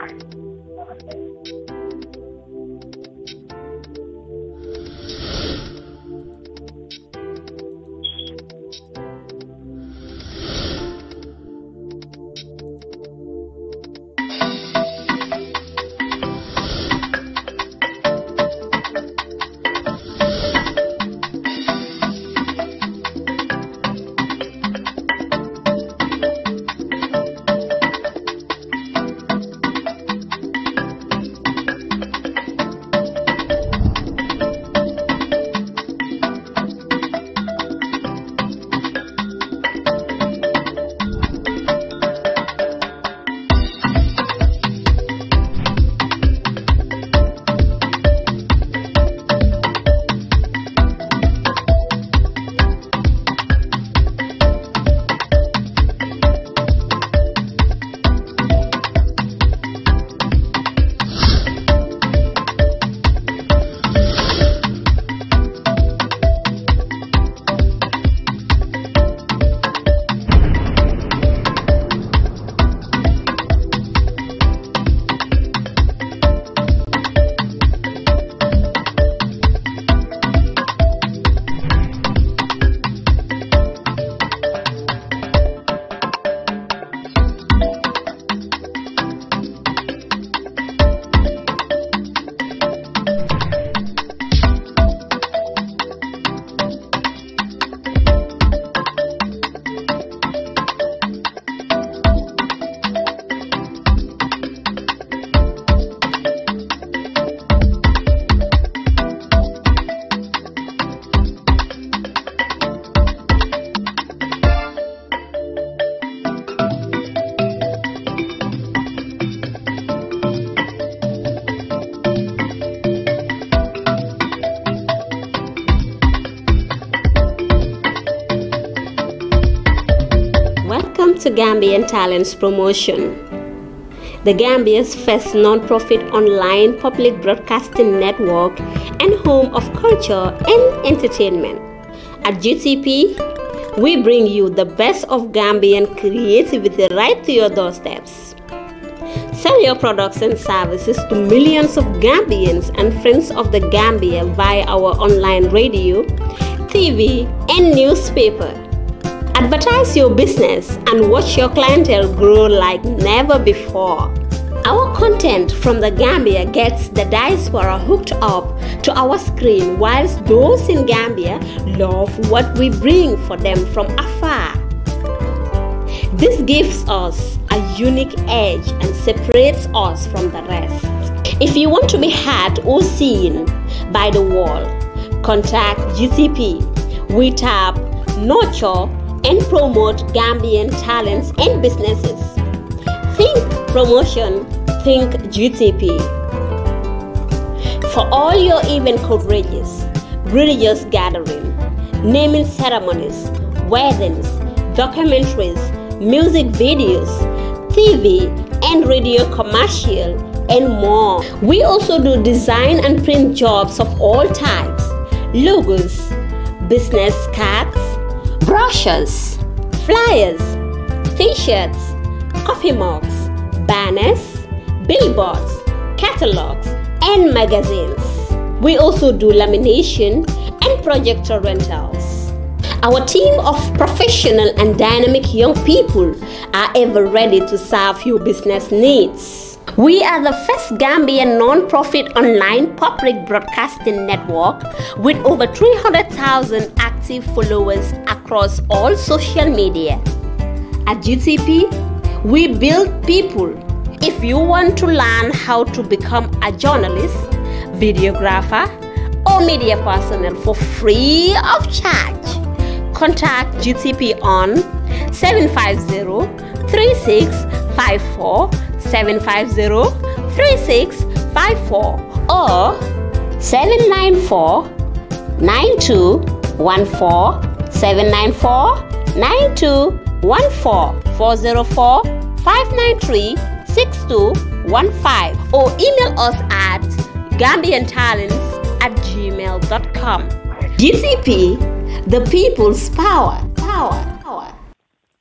Bye. Gambian talents promotion. The Gambia's first non-profit online public broadcasting network and home of culture and entertainment. At GTP, we bring you the best of Gambian creativity right to your doorsteps. Sell your products and services to millions of Gambians and friends of the Gambia via our online radio, TV, and newspaper. Advertise your business and watch your clientele grow like never before. Our content from the Gambia gets the diaspora hooked up to our screen, whilst those in Gambia love what we bring for them from afar. This gives us a unique edge and separates us from the rest. If you want to be heard or seen by the world, contact GCP, WeTap, Nurture, and promote Gambian talents and businesses. Think promotion, think GTP. For all your event coverages, religious gathering, naming ceremonies, weddings, documentaries, music videos, TV and radio commercial, and more. We also do design and print jobs of all types, logos, business cards, brushes, flyers, t-shirts, coffee mugs, banners, billboards, catalogs, and magazines. We also do lamination and projector rentals. Our team of professional and dynamic young people are ever ready to serve your business needs. We are the first Gambian non-profit online public broadcasting network with over 300,000 followers across all social media. At GTP, we build people. If you want to learn how to become a journalist, videographer, or media personnel for free of charge, contact GTP on 750 3654 750 3654 or 794 92 14 9214 404 593 6215 or email us at gambiantalents at gmail.com. GCP, the people's power. Power. power.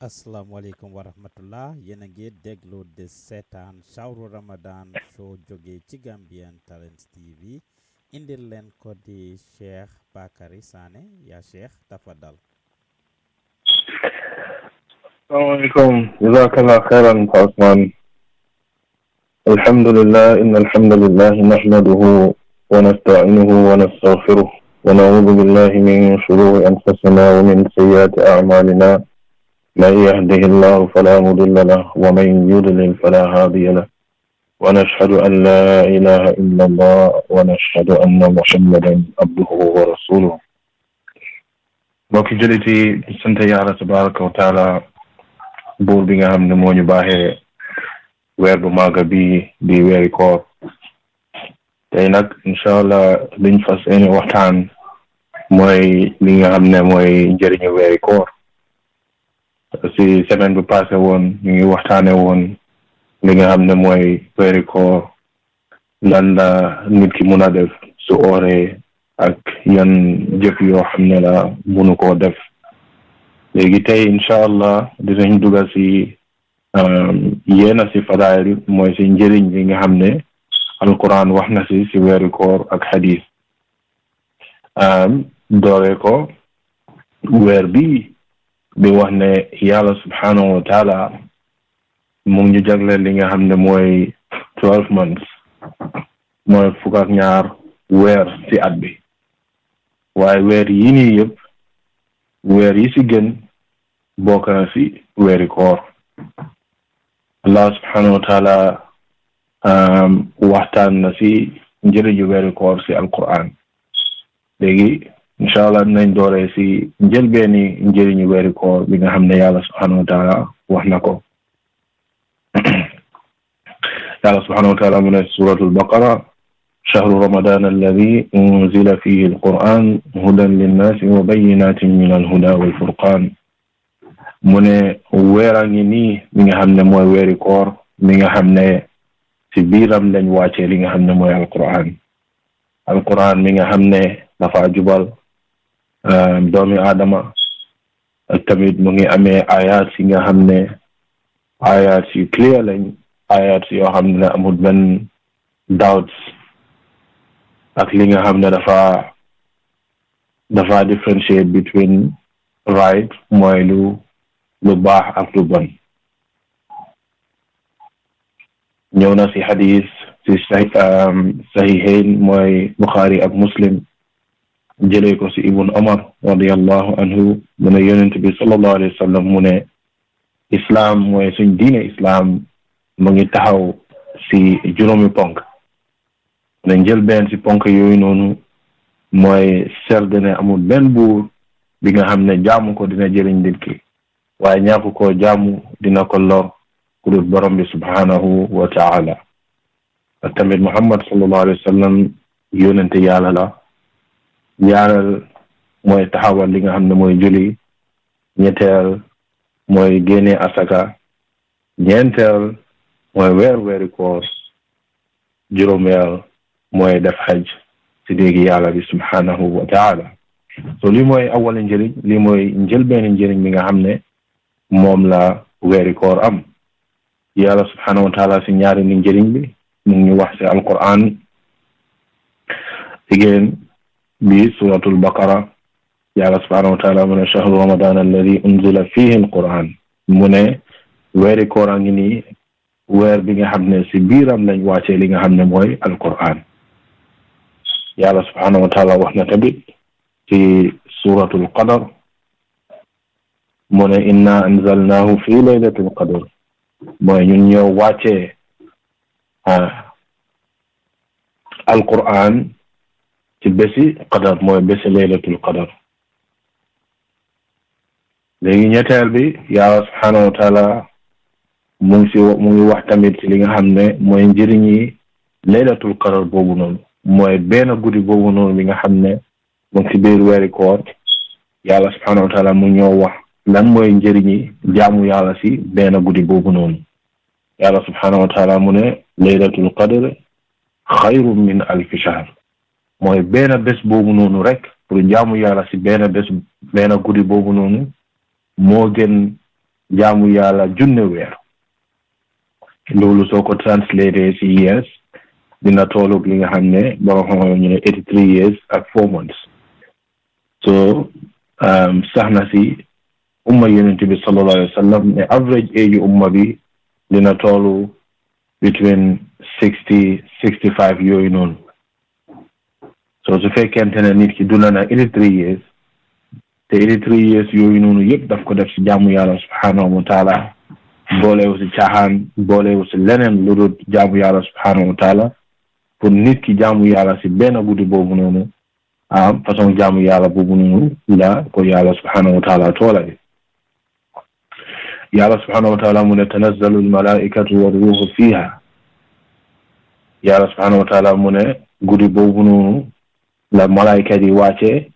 asalaamaaleykum wa rahmatullah yéen a ngi déglu di seetaan Sawru Ramadan soo jógee Gambian Talents TV. indil leen ko di Cheikh Bakary Sané yaa Cheikh tafadal salaamaaleykum jazakallah xeyran pa Ousmane alhamdulillah inna alhamdulillah nahmaduhu wa nasta'inuhu wa nastaghfiruh wa na'udhu billahi min shururi anfusina wa min sayyiati a'malina man yahdihi llahu fala mudilla lah wa man yudlil fala hadiya lah ونشهد أن لا إله إلا الله ونشهد أن محمدا عبده ورسوله mbokki jullit yi sant yàlla tabaraka wa taala buur bi nga xam ne moo ñu baaxee weer bu màgg bi di weeri koor tey nag incha allah liñ fas yéene waxtaan mooy li nga xam ne mooy njëriñu weeri koor si semaine bu passé woon ñu ngi waxtaane woon li nga xam ne mooy weeri koor lan nit ki mun a def su ooree ak yan jëf yoo xam ne la munu koo def léegi tey incha allah dinañ dugal si um, yéen a si mooy si njëriñ bi nga xam ne alquran wax na si si weeri koor ak xadis um, doore ko weer bi di wax ne yàlla subhanahu wa mu ñu jagleel li nga xam ne mooy twelve months mooy fukk ak ñaar weer ci at bi waaye weer yi nii yépp weer yi ci gën bokk na ci weeri koor allah subhanahu wa um, waxtaan na ci njëriñu weeri ci alquran léegi incha allah dinañ dooree ci njëlbeeni njëriñu weeri bi nga xam ne yàlla subhanahu wa wax na ko تعالى سبحانه وتعالى من سورة البقرة شهر رمضان الذي أنزل فيه القرآن هدى للناس وبينات من الهدى والفرقان من ويرانيني من هم نموي ويريكور من هم نموي في بيرم لنواتي من هم نموي القرآن القرآن من هم نموي دفع جبل دومي آدم التميد من أمي آيات من هم آيات كليا لنواتي ayat yoo xam ne amul benn doubt ak li nga xam ne dafa dafa differentiate between right mooy lu lu ak lu bon ñëw na si xadis si sahihain um, mooy buxaari ak muslim jëlee ko si ibn omar radiallahu anhu mu ne yonent bi sallallahu alayhi wa sallam mu ne mooy suñ diine islaam mu ngi taxaw si juróomi ponk na njël benn si ponk yooyu noonu mooy sell ne amul benn buur bi nga xam ne jaamu ko dina jëriñ nit waaye ñàkk ko jaamu dina ko lor ku dul borom bi subhanahu wa taala tamit muhammad sallallahu alayhi wa sallam yàlla la ñaareel mooy taxawal li nga xam ne mooy julli ñetteel mooy génne asaka ñeenteel mooy weer weeri koor mooy def xaj si déggi yàlla bi subhanahu wa taala lii mooy awala njëriñ lii mooy njëlbeeni njëriñ bi nga xam ne moom la weeri koor am yàlla subhanahu si ñaari ni njëriñ bi mu ngi wax si alquran digéen bi suratul baqara yàlla subhanahu wa mu ne chahru ramadan alladi unzila fihi alquran mu ne weeri koor a weer bi nga xam ne si biiram lañ wàccee li nga xam ne mooy alquran yàlla subhanahu wa taala wax na tamit ci suratul qadar mu ne inna anzalnahu fi laylatul qadar mooy ñun ñoo wàccee ah alquran ci bési qadar mooy bési laylatul bi yàlla subhanahu wa taala mu ngi ngi wax tamit ci li nga xam ne mooy njëriñ yi laylatul qadar boobu noonu mooy benn guddi boobu noonu bi nga xam ne mu ngi si biir weeri koor yàlla subhanahu wa taala mu ñoo wax lan mooy njëriñ yi jaamu yàlla si benn guddi boobu noonu yàlla subhanahu mu ne laylatul qadar xayru min alfi shahr mooy benn bés boobu noonu rek pour jaamu yàlla si benn bes benn guddi boobu noonu moo gën jaamu yàlla junne weer loolu soo ko translaté si years dina tolloog li nga xam ne borom xam-xam eighty three years ak four months so um, sax na si umma yonent bi sallallahu alayhi wa sallam ne average age umma bi dina tollu between sixty sixty five yooyu noonu so su fekkente ne nit ki dunda na eighty three years te eighty three years yooyu noonu yëpp daf ko def si jaamu yàlla subhanahu boolewu si caaxaan boolewu si leneen lu dul jaamu yàlla subhaanahu wa taala pour nit ki jaamu yàlla si benn guddi boobu noonu ah façon jaamu yàlla boobu noonu la ko yàlla subhaanahu wa taala toolale yàlla subhaanahu wa taala mu ne tanazzalu almalaikatu wa ruuhu fiha yàlla subhaanahu wa taala mu ne guddi boobu noonu la malayka yi wàccee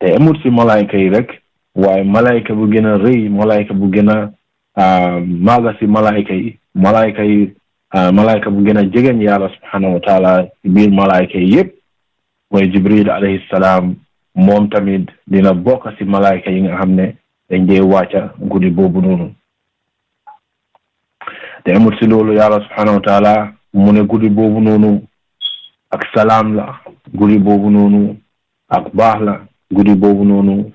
te amut si malayka yi rek waaye malayka bu gën a rëy malayka bu gën a maa nga si malaayka yi malaayka yi malaayka bu gën a jegeñ yàlla subhanahu wa taala biir malaayka yi jibril alayhi salaam moom tamit dina bokk si malaayka yi nga xam ne dañ dee wàcca guddi boobu noonu te amul si loolu yàlla subhanahu wa taala mu ne guddi ak salaam la guddi boobu noonu ak baax la guddi bobu noonu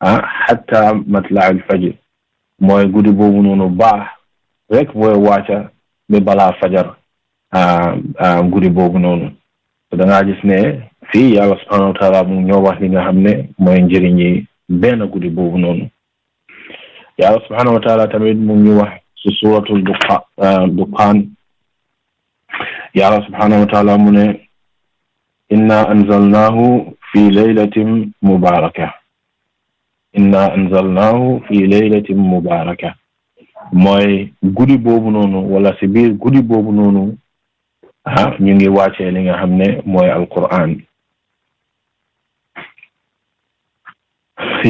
ah xatta matla al mooy guddi boobu noonu baax rek mooy wàcca bi balaa fajar guddi boobu noonu da ngaa gis ne fii yàlla subhanahu wa taala mu ñoo wax li nga xam ne mooy njëriñ yi benn guddi boobu noonu yàlla subhanahu wa taala tamit mu ngi wax si suratul duqa duqaan yàlla subhanahu wa taala mu ne inna anzalnaahu fi laylatin mubaraka inna anzalnaahu fi laylatin mubaraka mooy guddi boobu noonu wala si biir guddi boobu noonu ah ñu ngi wàccee li nga xam ne mooy alquran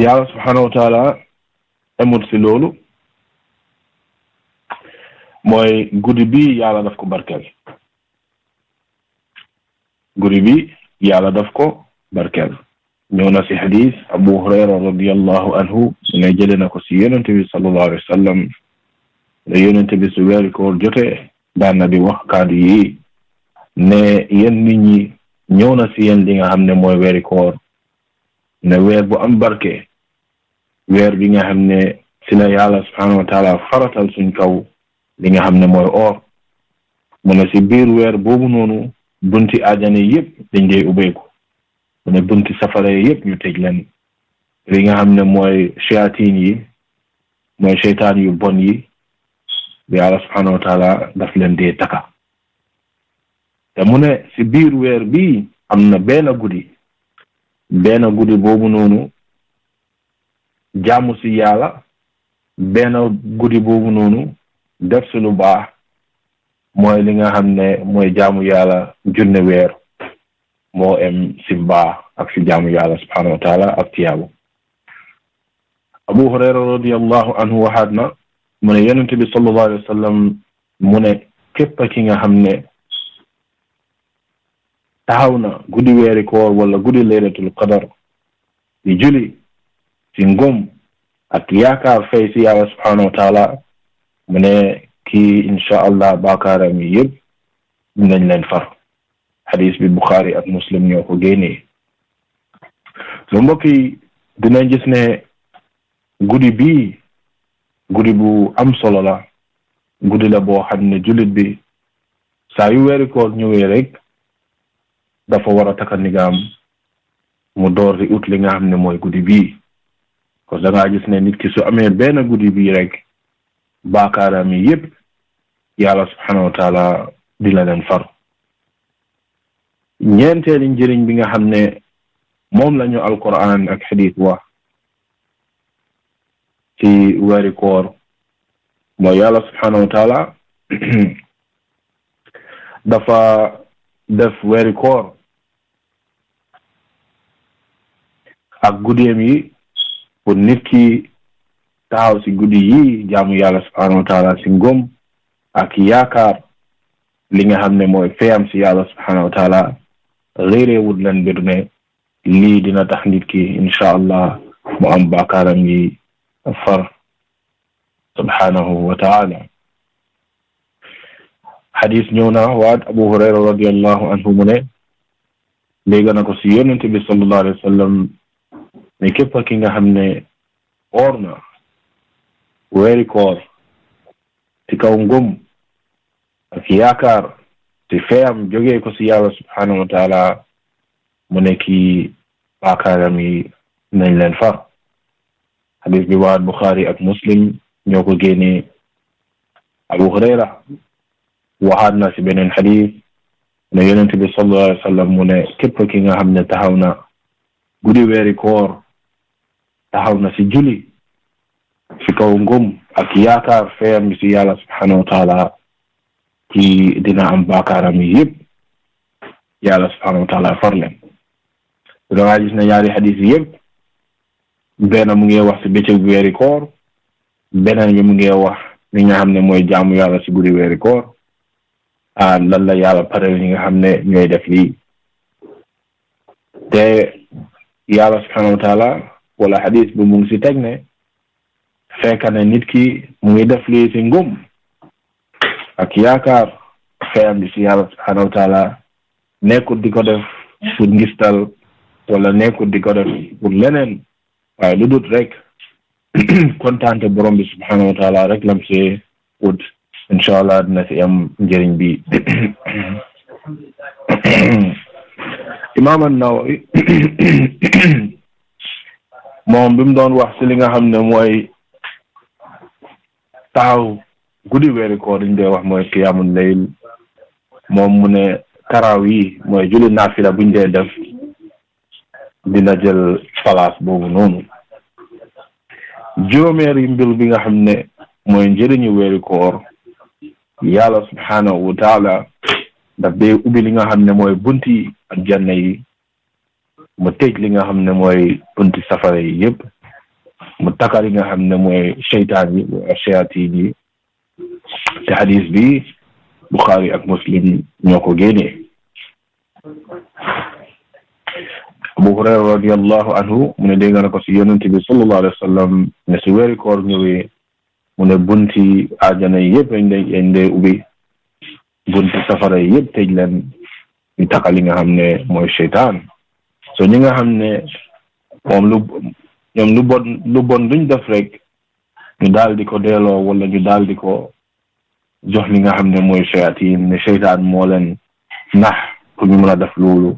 yàlla subhanahu wa taala si loolu mooy guddi bi yàlla daf ko barkeel guddi bi yàlla daf ko barkeel ñëw na si xadis abu hurayra radiallahu anhu su ne jële na ko si yonente bi salallahu alayhi wa sallam ne yonente bi su weeri koor jote daan na di wax kaddu yi ne yéen nit ñi ñëw na si yéen li nga xam ne mooy weeri koor ne weer bu am barke weer bi nga xam ne si la yàlla subhanahu wa taala faratal suñ kaw li nga xam ne mooy oor mu ne si biir weer boobu noonu bunti ajane yépp dañ dee ubbeeku kono bunti safara e yëpp ñu tej lenn li nga xam ne mooy cheyatine yi mooy cheytaane yu bon yi bi allah subhanahu wa taala daf leen dee taka te mu ne si biir weer bii am na benn guddi benn guddi boobu noonu jàmm si yàlla benn guddi boobu noonu def si lu baax mooy li nga xam ne mooy jaamu yàlla junne weer moo em si mbaa ak si jaamu yàlla subhanahu wa ak tiyaabu abu hurayra radiallahu anhu na mu ne yonente bi sallallahu alayhi wa sallam mu ne képp ki nga xam ne taxaw na guddi weeri koor wala guddi laylatul qadar di juli si ak yaakaar fay si yàlla subhanahu wa taala mu ne kii incha allah baakaaram yi yëpp nañ leen far xadis bi Bukhari at Muslim ñoo ko génnee so mbokk yi dinañ gis ne guddi bii guddi bu am solo la guddi la boo xam ne julit bi saa yu weeri koor ñëwee rek dafa war a takka nigaam mu door di ut li nga xam ne mooy guddi bii kon da gis ne nit ki su amee benn guddi bii rek baakaaraam yi yépp yàlla subhanahu wa dina leen far ñeenteeli njëriñ bi nga xam ne moom lañu ñu alquran ak xadis wax ci weeri mooy yàlla subhanahu wa dafa def weeri koor ak guddeem yi pour nit ki taxaw ci guddi yi jaamu yàlla subhanahu wa taala ci ngëm ak yaakaar li nga xam ne mooy feyam ci yàlla subhanahu wa réeréewut leen mbir ne lii dina tax nit ki incha allah mu am baakaaram yi far subhanahu wa taala xadis ñëw na waat abu hurayra radiallahu anhu mu ne léegi na ko si yonente bi sallallahu alayhi wa sallam ne képp ki nga xam ne oor na weeri koor ci kaw ngëm ak yaakaar si feyam ko si yàlla subhanahu wa taala mu nekki baakaaram yi nañ leen far xadis bi waat Buxaari ak Muslim ñoo ko génnee Abu Hurayra waxaat na si beneen xadis ne yonent bi sallallahu alayhi wa sallam mu ne képp ki nga xam ne taxaw na guddi weeri koor taxaw na si julli si kaw ngëm ak yaakaar feyam bi si yàlla subhanahu wa taala ci dina am baakaaram yi yëpp yàlla subhaanahu wa taala far leen da ngaa gis ne ñaari xadis yi yëpp mu ngi wax si bëccëg weeri koor beneen bi mu ngi wax li nga xam ne mooy jaamu yàlla si guddi weeri a ah lan la yàlla pare ñi nga xam ne ñooy def lii te yàlla subhaanahu wa taala wala xadis bi mu ngi si teg ne fekk na nit ki mu ngi def lii si ngëm ak yaakaar xeyam bi si yàlla subhaanahu wa taala di ko def pour ngistal walla nekkul di ko def pour leneen waaye lu dut rek kontaante borom bi subhaanahu wa rek lam see ut incha allah dina si am njëriñ bi imaam an moom bi doon wax si li nga xam ne mooy taaw guddi weeri koor li ñu koy wax mooy qiyaamul layl moom mu ne taraaw yi mooy julli naafila buñ dee def dina jël place boobu noonu yu mbir bi nga xam ne mooy njëriñu weeri koor yàlla subhaanahu wa taala daf ubbi li nga xam ne mooy bunt ak aljanna yi mu tëj li nga xam ne mooy bunti safara yi yëpp mu takar yi nga xam ne mooy seytaan yi mooy yi te xadis bi Buxaari ak Muslim ñoo ko génnee Abu Hurayra radiallahu anhu mu ne dégg na ko si yonente bi sallallahu alayhi wa sallam ne si weeri koor ñëwee mu ne bunti aajana yi yëpp dañ day dañ day bunti safara yi yëpp tëj leen ñu taqa li nga xam ne mooy seytaan so ñi nga xam ne moom lu ñoom lu duñ def rek ñu daal di ko delloo wala ñu daal di ko jox li nga xam ne mooy shayatin ne seytaan moo leen nax pour ñu mën a def loolu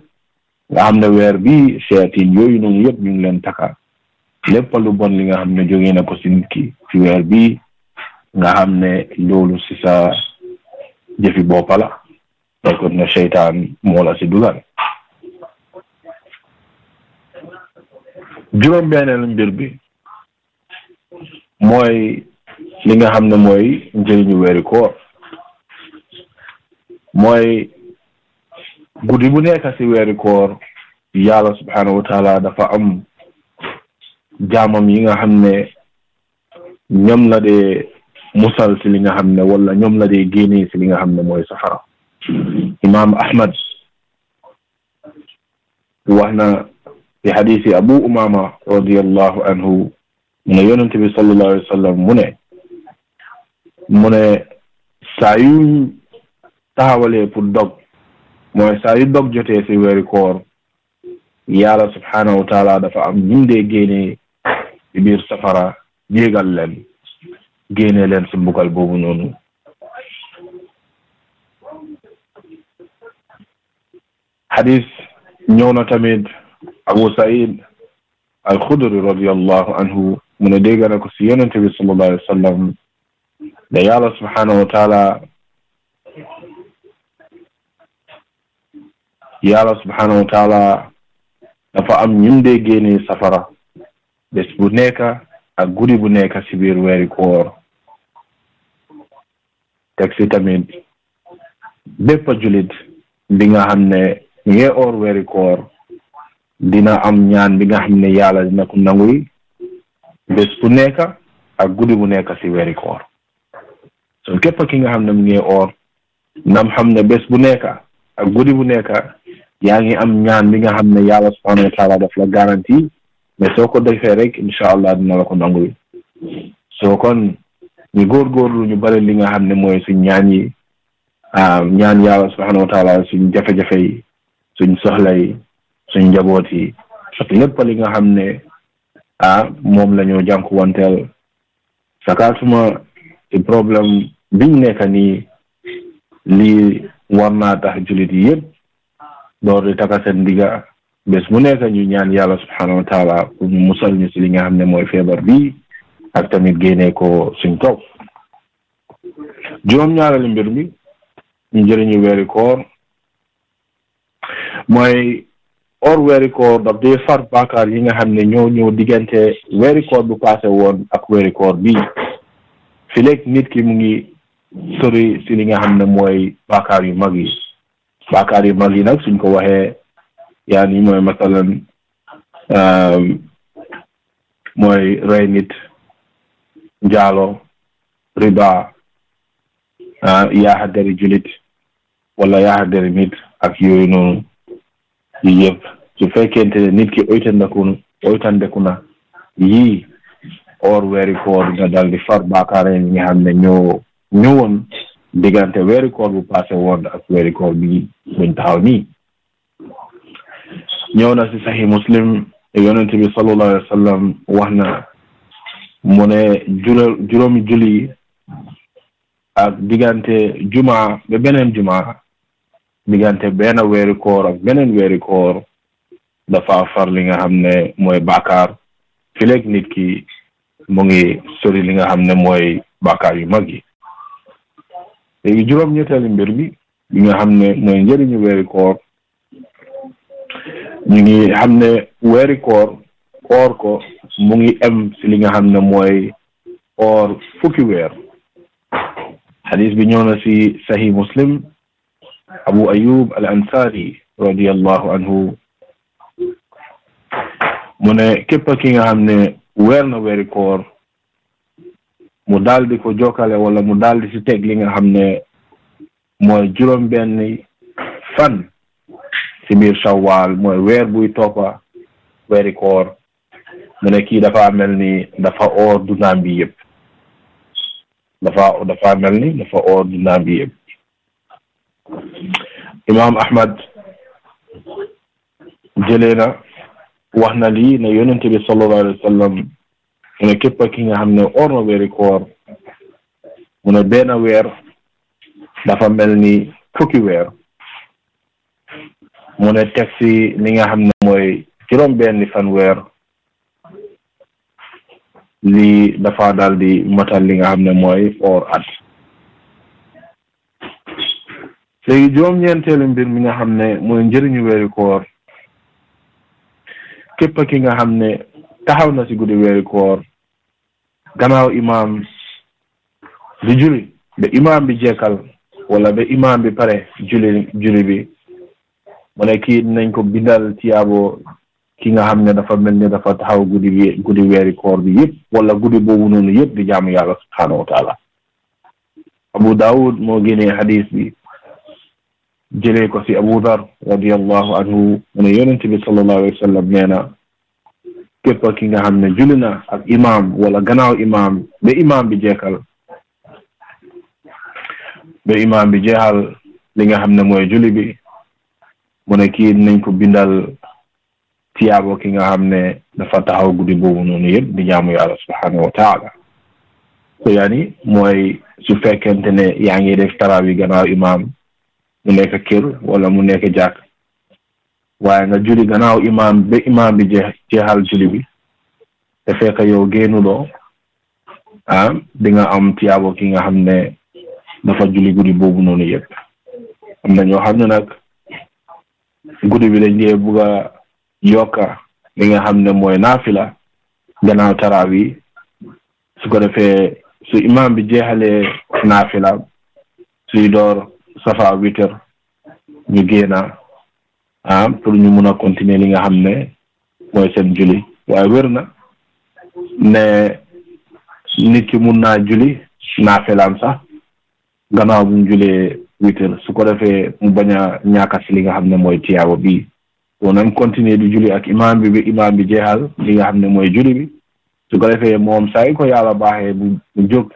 nga xam ne weer bi shayatin yooyu noonu yëpp ñu ngi leen taka lépp lu bon li nga xam ne jógee na ko si nit ki si weer bi nga xam ne loolu si sa jëfi boppa la donc ne seytaan moo la si dugal juróom-benneelu mbir bi mooy li nga xam ne mooy njëriñu weeri koor mooy guddi bu nekk ci weeri koor yàlla subhanahu wa dafa am jaamam yi nga xam ne ñoom la dee musal ci li nga xam ne wala ñoom la dee génnee ci li nga xam ne mooy safara imaam ahmad wax na ci xadiisi abu umama radiallahu anhu mu ne yonente bi sallallahu alayhi mu ne mu ne saa yu taxawalee pour dog mooy saa dog jotee si weeri koor yàlla subhaanahu taala dafa am ñundee de ci biir safara jéegal leen génnee leen si mbugal boobu noonu xadis ñëw na tamit abu said al xudri radiallahu anhu mu ne dégg na ko si yonente bi sallallahu alayhi wa da ya Allah subhanahu wa ta'ala ya Allah dafa am ñum dee génne safara bés bu nekk ak guddi bu nekk si biir weeri koor teg si tamit bépp julit bi nga xam ne ñu dina am ñaan bi nga xam ne yàlla dina ko nanguy bés bu nekk ak guddi bu nekk si weeri kon képp ki nga xam ne mu ngi oor nam xam ne bés bu nekk ak guddi bu nekk yaa ngi am ñaan bi nga xam ne yàlla subhanahu wa taala daf la garantie mais soo ko defee rek incha allah dina la ko nangul soo kon ñu góorgóorlu ñu bëri li nga xam ne mooy suñ ñaan yi ah, ñaan yàlla subhanahu wa suñ jafe yi suñ soxla yi njaboot yi ak li nga xam ne ah moom la ñu jànkuwanteel sakaatuma ci problème bi mu nekk nii lii war naa tax jullit yi yëpp door di taka seen ndiga bés mu nekk ñu ñaan yàlla subhanahu wa taala pour musal ñu si li nga xam ne mooy feebar bi ak tamit génnee ko suñ kaw juróom-ñaareelu mbir mi njëriñu weeri koor mooy or weeri koor daf dee far baakaar yi nga xam ne ñoo ñëw diggante weeri koor bu paase woon ak weeri koor bi fileeg nit ki mu ngi sori si li nga xam ne mooy baakaar yu mag yi baakaar yu mag yi nag suñ ko waxee yaa ni mooy masalan euh, mooy rey nit njaalo riba euh, yaaxa deri julit wala yaaxa deri nit ak yooyu noonu yi yëpp su fekkente ne nit ki oytandeku oytandeku na yii or weeri koor nga dal di far baakaar yi nga xam ne ñoo ñëwoon diggante weeru koor bu passé woon ak weeru bi buñ taxaw nii ñëw na si saxi muslim yonent bi sallallahu alayhi wa sallam wax na mu ne jural juróomi julli ak diggante juma ba beneen juma diggante benn weeri koor ak beneen weeri dafa far li nga xam ne mooy bàkkaar fileeg nit ki mu ngi sori li nga xam ne mooy bàkkaar yu mag yi léegi juróom-ñetteelu mbir bi bi nga xam ne mooy njëriñu weeri koor ñu ngi xam ne weeri koor koor ko mu ngi am si li nga xam ne mooy koor fukki weer xadis bi ñëw na si sahi muslim abu ayub al ansari radiallahu anhu mu ne képp ki nga xam ne weer na weeri koor mu daal di ko jokale wala mu daal di si teg li nga xam ne mooy juróom-benn fan si biir shawwal mooy weer buy toppa weeri koor mu ne kii dafa mel ni dafa oor dunaam bi yëpp dafa dafa mel ni dafa oor dunaam bi yëpp imaam ahmad jëlee na wax na lii ne yonente bi sallallahu alayhi wa mu ne képp ki nga xam ne or na weeri koor ne benn weer dafa mel ni fukki weer mu ne teg si li nga xam ne mooy juróom benni fan weer lii dafa dal di matal li nga xam ne mooy or at léegi juróom-ñeenteelu mbir mi nga xam ne mooy njëriñu weeri koor képp ki nga xam ne taxaw na ci guddi weeri koor gannaaw imaam di julli ba imaam bi jekkal wala ba imaam bi pare julli julli bi moo ne kii nañ ko bindal tiyaabo ki nga xam ne dafa mel ne dafa taxaw guddi we guddi weeri koor bi yëpp wala guddi boobu noonu yëpp di jaamu yàlla subhaanahu wa abu daawud moo génnee hadis bi jëlee ko si abu dar radiallahu anhu mu ne yonent bi sallallahu alayhi wa sallam na képp ki nga xam ne julli na ak imaam wala gannaaw imaam ba imaam bi jeexal ba imaam bi jeexal li nga xam ne mooy julli bi mu ne kii nañ ko bindal tiyaabo ki nga xam ne dafa taxaw guddi boobu noonu yëpp di jaamu yàlla subhanahu wa yaani mooy su fekkent ne yaa ngi def taraawi gannaaw imaam mu nekk kër wala mu nekk jàkk waaye nga juli gannaaw imaam ba imaam bi jeex jeexal juli bi te fekk yow génnuloo ah di nga am tiyaabo ki nga xam ne dafa julli guddi boobu noonu yëpp am na ñoo xam ne nag guddi bi dañ dee buga a yokka li nga xam ne mooy naafila gannaaw taraawi su ko defee su imaam bi jeexalee naafila suy door safa witr ñu génna ah pour ñu mun a continuer li nga xam ne mooy seen julli waaye wér na ne nit ki mun naa julli naafelaam sax gannaaw bu mu julee witir su ko defee mu bañ a ñàkk li nga xam ne mooy tiyaaba bi kon nañ continuer di julli ak imaam bi bi li nga xam ne mooy julli bi su ko defee moom saa ko yàlla baaxee mu jóg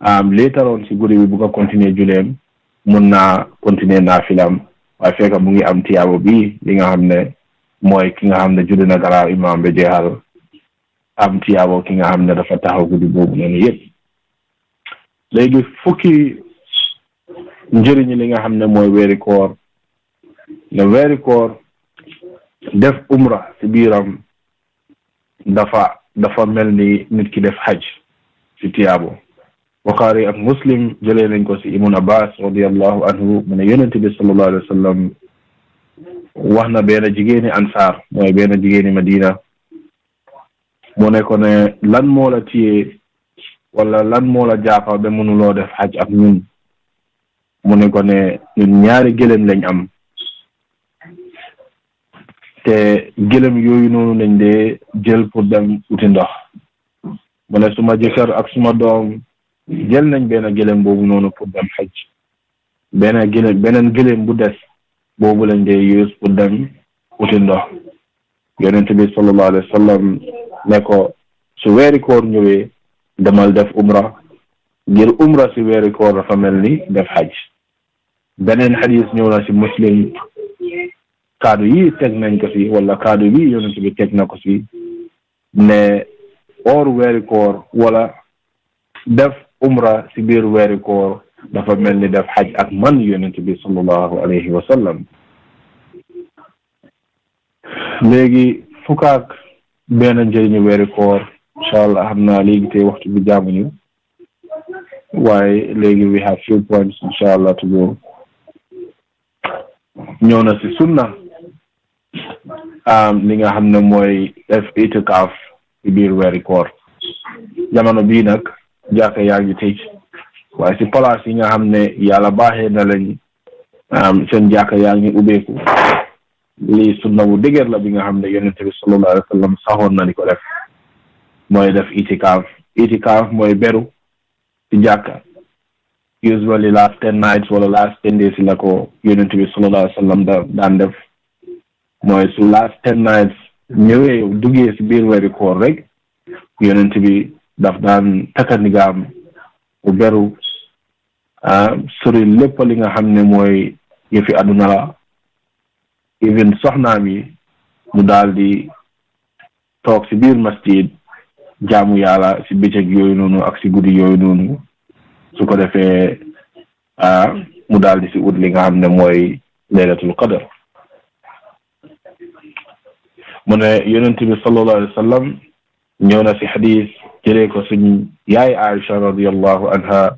am lii si guddi bi bu ko continuer julleem mun naa continuer naafilaam waaye fekk mu ngi am tiyaabo bii li nga xam ne mooy ki nga xam ne judd na garaaw imaam ba jeexal am tiyaabo ki nga xam ne dafa taxaw guddi boobu noonu yëpp léegi fukki njëriñ li nga xam ne mooy weerikoor koor ne weeri def umra si biiram dafa dafa mel ni nit ki def xaj si tiyaabo Buxaari ak Muslim jëlee nañ ko ci Ibn Abbas radiallahu anhu mu ne yonent bi sallallahu alayhi wa sallam wax na benn jigéeni ansaar mooy benn jigéeni Madina mu ne ko ne lan moola la téye wala lan moola la jàppa ba mënuloo def xaj ak ñun mu ne ko ne ñaari gëlëm lañ am te gëlëm yooyu noonu lañ dee jël pour dem uti ndox suma jëkkër ak suma doom jël nañ benn gëléem boobu noonu pour dem xaj benn gëléem beneen gëléem bu des boobu lañ dee use pour dem uti ndox yonent bi sallallahu alayhi wa ne ko su weeri koor ñëwee demal def umra ngir umra si weeri koor dafa mel ni def xaj beneen xadis ñëw na si muslim kaadu yi teg nañ ko si wala kaadu bi yonent bi teg na ko si ne or weeri koor wala def umra si biir weeri koor dafa mel ni def xaj ak man yonent bi sallallahu alayhi wa sallam léegi fukk ak benn njëriñu weeri koor incha allah xam naa léegi tey waxtu bi jaamuñu waaye léegi we have few points incha allah to go ñëw na si sunna li nga xam ne mooy def itikaaf si biir weeri koor jamono bii jàkka yaa ngi tëj waaye si place yi nga xam yàlla baaxee na am seen jàkka yaa ngi ubbeeku lii sunna bu dëgër la bi nga xam ne bi sallallahu alayhi wa sallam na di def mooy def itikaaf itikaaf mooy beru si jàkka usually last ten nights wala last ten days la ko yonente bi sallallahu alayhi wa da daan def mooy su last ten nights ñëwee duggee si biir weeri koor rek yonente bi daf daan takka ndigaam bu beru sori lépp li nga xam ne mooy yëfi àdduna la even soxnaam yi mu daldi toog si biir masjid jaamu yàlla si bëccëg yooyu noonu ak si guddi yooyu noonu su ko defee mu daldi si ut li nga xam ne mooy laylatul qadar mu ne yonent bi sallallahu alayhi wa si xadis jëlee ko suñ yaay Aïcha radiallahu anha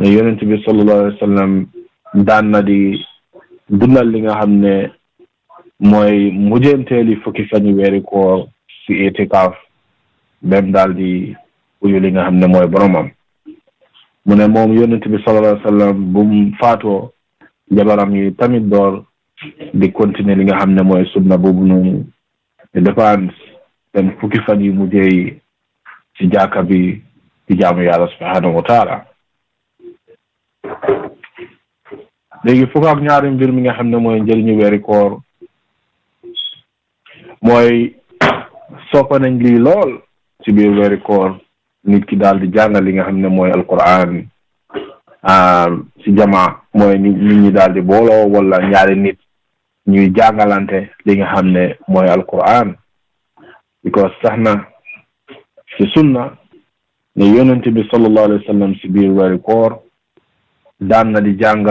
ne yonent bi sallallahu alayhi wa na di dundal li nga xam ne mooy mujjeenteeli fukki fan yi weeri koor si itikaaf bem daal di uyu li nga xam ne mooy boromam mu ne moom yonent bi sallallahu alayhi wa sallam bu faatoo jabaram yi tamit door di continuer li nga xam ne mooy sunna boobu noonu dépend seen fukki fan yi mujjee ci jàkka bi di jaamu yàlla subhanahu wa taala léegi fukk ak ñaari mbir mi nga xam ne mooy njëriñu weeri mooy soppa nañ lii lool ci biir weeri nit ki daal di jàngal li nga xam ne mooy alquran ah, ci jamaa mooy nit ñi daal di booloo wala ñaari nit ñuy jàngalante li nga xam ne mooy alquran because sax na ci sunna ne yonent bi sallallahu alayhi wa sallam ci biir weeru koor daan na di jàng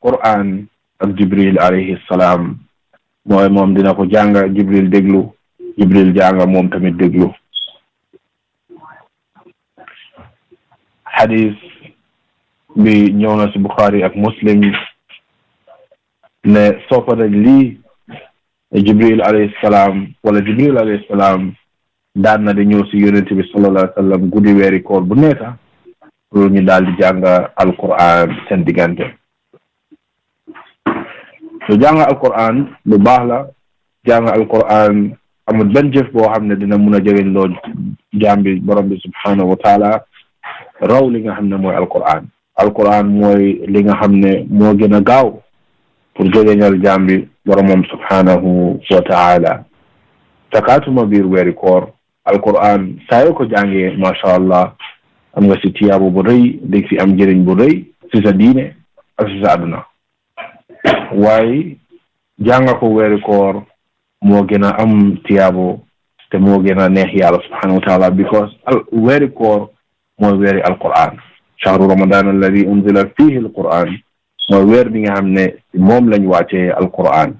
Qur'an ak Jibril alayhi salaam mooy moom dina ko jàng Jibril déglu Jibril jàng moom tamit déglu xadis bi ñëw na ci Bukhari ak Muslim ne soppare lii Jibril alayhi salaam wala Jibril alayhi salaam daan na di ñëw si yonent bi sallallahu alayhi wa sallam weeri koor bu nee sax ñu daal di jàng alquran seen diggante lu jàng alquran lu baax la jàng alquran amul benn jëf boo xam ne dina mun a jëriñ loo jaam bi borom bi subhanahu wa raw li nga xam ne mooy alquran alquran mooy li nga xam ne moo gën a gaaw pour jëriñal jaam bi boromam subhanahu wa taala takaatuma biir weeri koor alquran saa yoo ko jàngee macha allah am nga si tiyaabu bu rëy dégg si am njëriñ bu rëy si sa diine ak si sa àdduna waaye jànga ko weeri koor moo gën a am tiyaabo te moo gën a neex yàlla subhanahu wa taala because al weeri koor mooy weeri alquran shahru ramadan alladi unzila fihi alquran mooy weer bi nga xam ne moom lañ wàccee alquran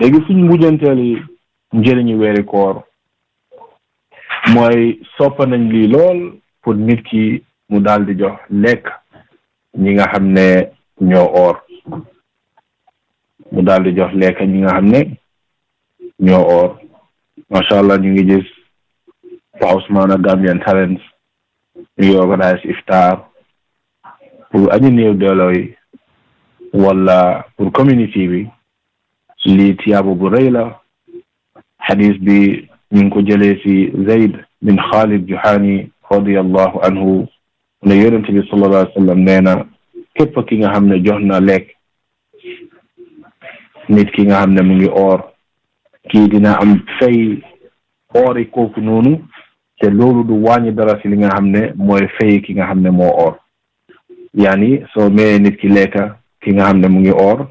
léegi suñ mujjanteeli njëriñu weeri koor mooy sopp nañ lii lool pour nit ki mu daal di jox lekk ñi nga xam ne ñoo oor mu daldi jox lekk ñi nga xam ne ñoo oor macha allah ñu ngi gis Pa Ousmane ak Gambian Talents ñu ngi organise iftar pour añu néew doole yi wala pour community bi lii tiyaabu bu rëy la xadis bi ñu ngi ko jëlee ci Zayd bin Khalid Juhani anhu ne yonente bi sallallahu alayhi wa sallam nee na képp ki nga xam ne jox na lekk nit ki nga xam ne mu ngi oor kii dina am fay oori kooku noonu te loolu du wàññi dara ci li nga xam ne mooy fay ki nga xam ne moo oor yaani soo mayee nit ki lekka ki nga xam ne mu ngi oor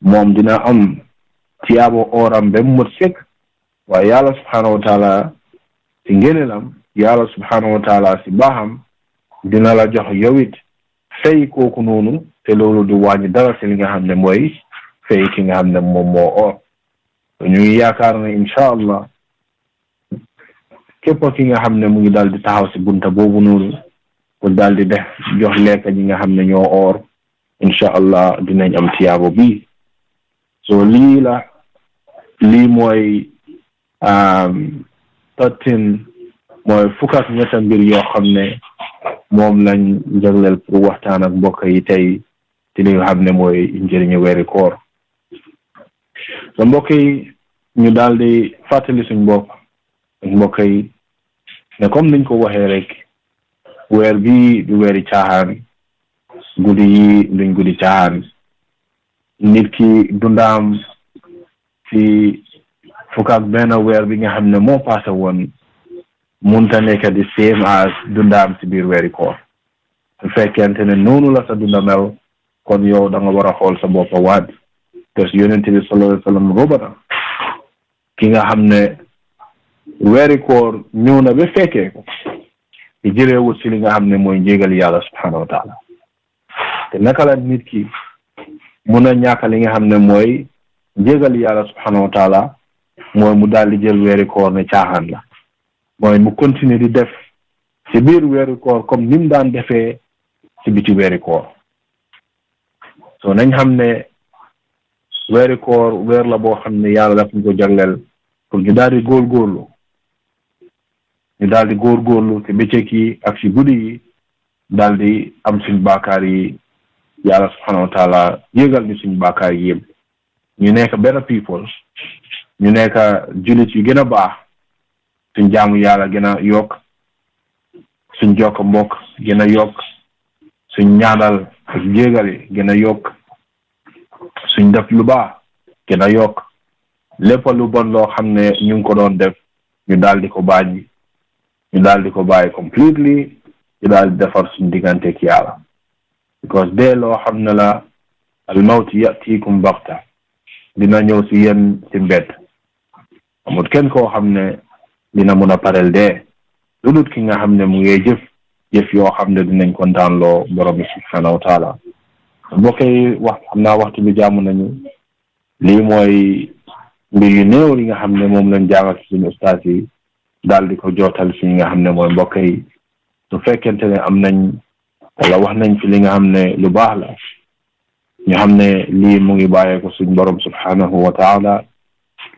moom dina am tiyaabo ooram ba mu mët waaye yàlla subhaanahu wa taala si ngéneelam yàlla subhaanahu wa taala si baaxam dina la jox yowit it fay kooku noonu te loolu du wàññi dara si li nga xam ne mooy fay ki nga xam ne moom moo or ñu ngi yaakaar ne incha allah képp ki nga xam ne mu ngi daal di taxaw si bunta boobu noonu pour daldi di jox lekk ñi nga xam ne ñoo or incha allah dinañ am tiyaabo bi so lii la lii mooy Um, tattin mooy fukk ak ñetta mbir yoo xam ne moom lañ jagleel pour waxtaan ak mbokk yi tey ci li xam ne mooy njëriñu weeri koor so mbokk yi ñu daldi di fàttali suñ bopp ak mbokk yi ne comme niñ ko waxee rek weer bi du weeri caaxaan guddi yi duñ guddi caaxaan nit ki dundaam ci fukk ak benn weer bi nga xam ne moo passé woon ta nekk di same as dundaam si biir weeri koor su ne noonu la sa dunda mel kon yow da nga war a xool sa boppa waat te yonent bi sallallahu alayhi wa sallam ki nga xam ne weeri ñëw na ba fekkee ko wut ci li nga xam ne mooy njégal yàlla subhanahu wa taala te naka la nit ki mun a ñàkk li nga xam ne mooy njégal yàlla subhanahu wa mooy mu daal jël weeri koor ne caaxaan la mooy mu continuer di def ci biir weeri comme ni mu daan defee ci biti weeri koor so nañ xam ne weeri koor weer la boo xam ne yàlla daf ñu ko jagleel pour ñu daldi góor góorlu ñu daldi góor góorlu ci bëccëg yi ak ci guddi yi daldi am suñ baakaar yi yàlla subhanahu wa taala yégal ñu suñ baakaar yi yëpp ñu nekk benn people ñu nekk julit yu gën a baax suñ jaamu yàlla gën a yokk suñ jokk mbokk gën a yokk suñ ñaanal ak jéegale gën a yokk suñ def lu baax gën a yokk lépp lu bon loo xam ne ñu ngi ko doon def ñu daal di ko bàyyi ñu daal di ko bàyyi completely ñu daal di defar suñ diggante ak yàlla because dee loo xam ne la al mawt yatikum baxta dina ñëw si yéen si mbedd amul kenn koo xam ne dina mun a parel dee lu dul ki nga xam ne mu ngi jëf jëf yoo xam ne dinañ kontaanloo borom bi subhanahu wa taala mbokk yi wax xam naa waxtu bi jaamu nañu lii mooy mbir yu néew yi nga xam ne moom lañ jàngal si suñu ustaas yi daal di ko jootal si ñi nga xam ne mooy mbokk yi su fekkente ne am nañ wala wax nañ fi li nga xam ne lu baax la ñu xam ne lii mu ngi bàyyeeko suñ borom subhanahu wa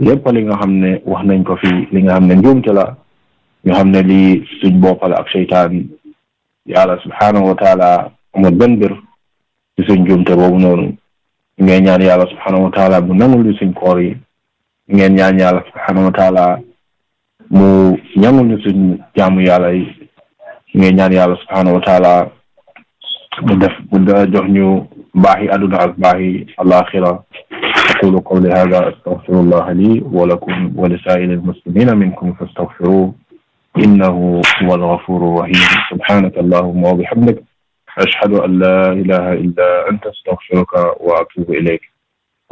lépp li nga xam ne wax nañ ko fi li nga xam ne njuumte la xam ne lii suñ boppal ak seytaan yàlla subhaanahu wa taala amul benn mbir ci suñ njuumte boobu noonu ñu ñaan yàlla subhaanahu wa mu nangul ñu suñ koor yi ngeen ñaan yàlla subhaanahu wa mu ñangul ñu suñ jaamu yàlla yi ñu ñaan yàlla subhaanahu wa taala mu def mu da jox ñu baaxi àdduna ak baaxi àllaaxira أقول قولي هذا أستغفر الله لي ولكم ولسائر المسلمين منكم فاستغفروه إنه هو الغفور الرحيم سبحانك اللهم وبحمدك أشهد أن لا إله إلا أنت أستغفرك وأتوب إليك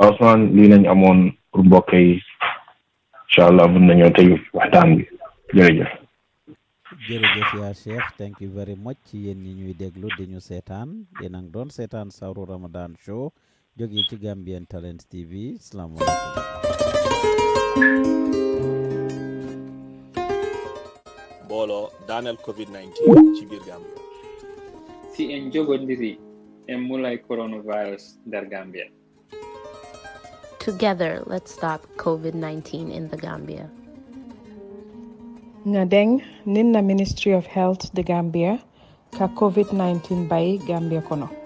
أصلا لي لن أمون ربك إن شاء الله من نيوتي وحدان بي جرجف jërëjëf يا شيخ thank you very much ci yéen ñi ñuy déglu di سيطان seetaan yéen a Jogi ci Gambian Talent TV salaamaaleykum mbooloo Daniel. covid-19 ci Gambia si en jogondiri emulai coronavirus dar Gambia Together, let's stop COVID-19 in the Gambia. Ngadeng, Ninna Ministry of Health, the Gambia, ka COVID-19 by Gambia kono.